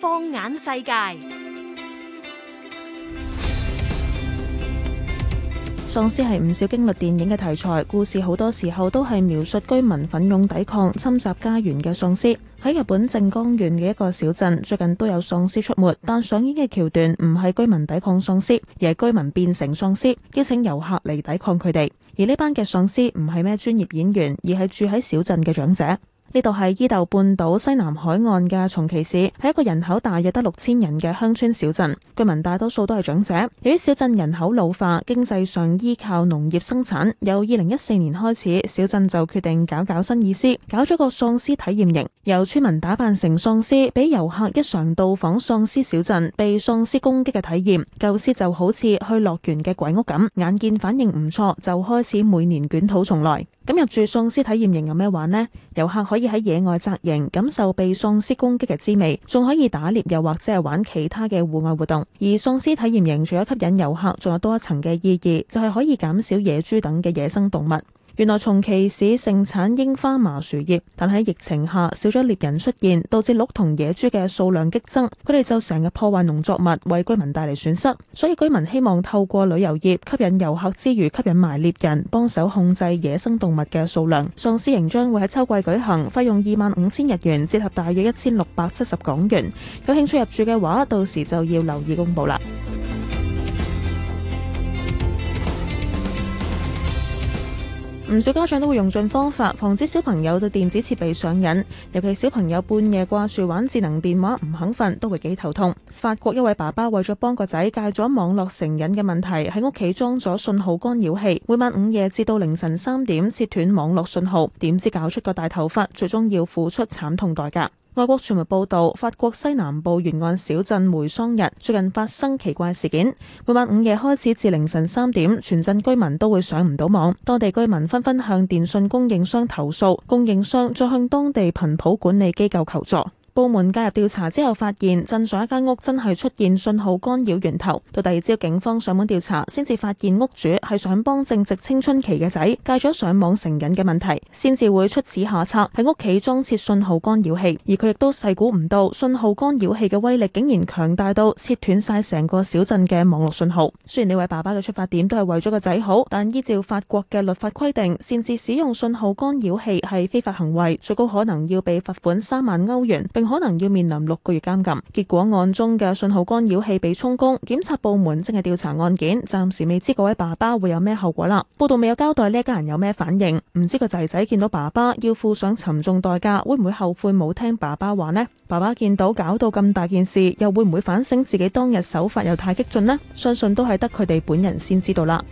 放眼世界，喪屍係唔少驚慄電影嘅題材。故事好多時候都係描述居民奮勇抵抗侵襲家園嘅喪屍。喺日本靜岡縣嘅一個小鎮，最近都有喪屍出沒。但上演嘅橋段唔係居民抵抗喪屍，而係居民變成喪屍，邀請遊客嚟抵抗佢哋。而呢班嘅喪屍唔係咩專業演員，而係住喺小鎮嘅長者。呢度係伊豆半島西南海岸嘅松崎市，係一個人口大約得六千人嘅鄉村小鎮。居民大多數都係長者。由於小鎮人口老化，經濟上依靠農業生產，由二零一四年開始，小鎮就決定搞搞新意思，搞咗個喪屍體驗營，由村民打扮成喪屍，俾遊客一嘗到訪喪屍小鎮被喪屍攻擊嘅體驗。構思就好似去樂園嘅鬼屋咁，眼見反應唔錯，就開始每年捲土重來。咁入住喪屍體驗營有咩玩呢？遊客可以喺野外紮營，感受被喪屍攻擊嘅滋味，仲可以打獵又或者係玩其他嘅戶外活動。而喪屍體驗營除咗吸引遊客，仲有多一層嘅意義，就係可以減少野豬等嘅野生動物。原來從其市盛產櫻花麻薯葉，但喺疫情下少咗獵人出現，導致鹿同野豬嘅數量激增，佢哋就成日破壞農作物，為居民帶嚟損失。所以居民希望透過旅遊業吸引遊客之餘，吸引埋獵人幫手控制野生動物嘅數量。喪屍營將會喺秋季舉行，費用二萬五千日元，折合大約一千六百七十港元。有興趣入住嘅話，到時就要留意公布啦。唔少家長都會用盡方法防止小朋友對電子設備上癮，尤其小朋友半夜掛住玩智能電話唔肯瞓都會幾頭痛。法國一位爸爸為咗幫個仔戒咗網絡成癮嘅問題，喺屋企裝咗信號干擾器，每晚午夜至到凌晨三點切斷網絡信號，點知搞出個大頭佛，最終要付出慘痛代價。外國傳媒報道，法國西南部沿岸小鎮梅桑日最近發生奇怪事件。每晚午夜開始至凌晨三點，全鎮居民都會上唔到網。當地居民紛紛向電信供應商投訴，供應商再向當地頻譜管理機構求助。部門介入調查之後，發現鎮上一間屋真係出現信號干擾源頭。到第二朝，警方上門調查，先至發現屋主係想幫正值青春期嘅仔戒咗上網成癮嘅問題，先至會出此下策喺屋企裝設信號干擾器。而佢亦都細估唔到信號干擾器嘅威力竟然強大到切斷晒成個小鎮嘅網絡信號。雖然呢位爸爸嘅出發點都係為咗個仔好，但依照法國嘅律法規定，擅自使用信號干擾器係非法行為，最高可能要被罰款三萬歐元。可能要面臨六個月監禁。結果案中嘅信號干擾器被充公，檢察部門正係調查案件，暫時未知嗰位爸爸會有咩後果啦。報道未有交代呢一家人有咩反應，唔知個仔仔見到爸爸要付上沉重代價，會唔會後悔冇聽爸爸話呢？爸爸見到搞到咁大件事，又會唔會反省自己當日手法又太激進呢？相信都係得佢哋本人先知道啦。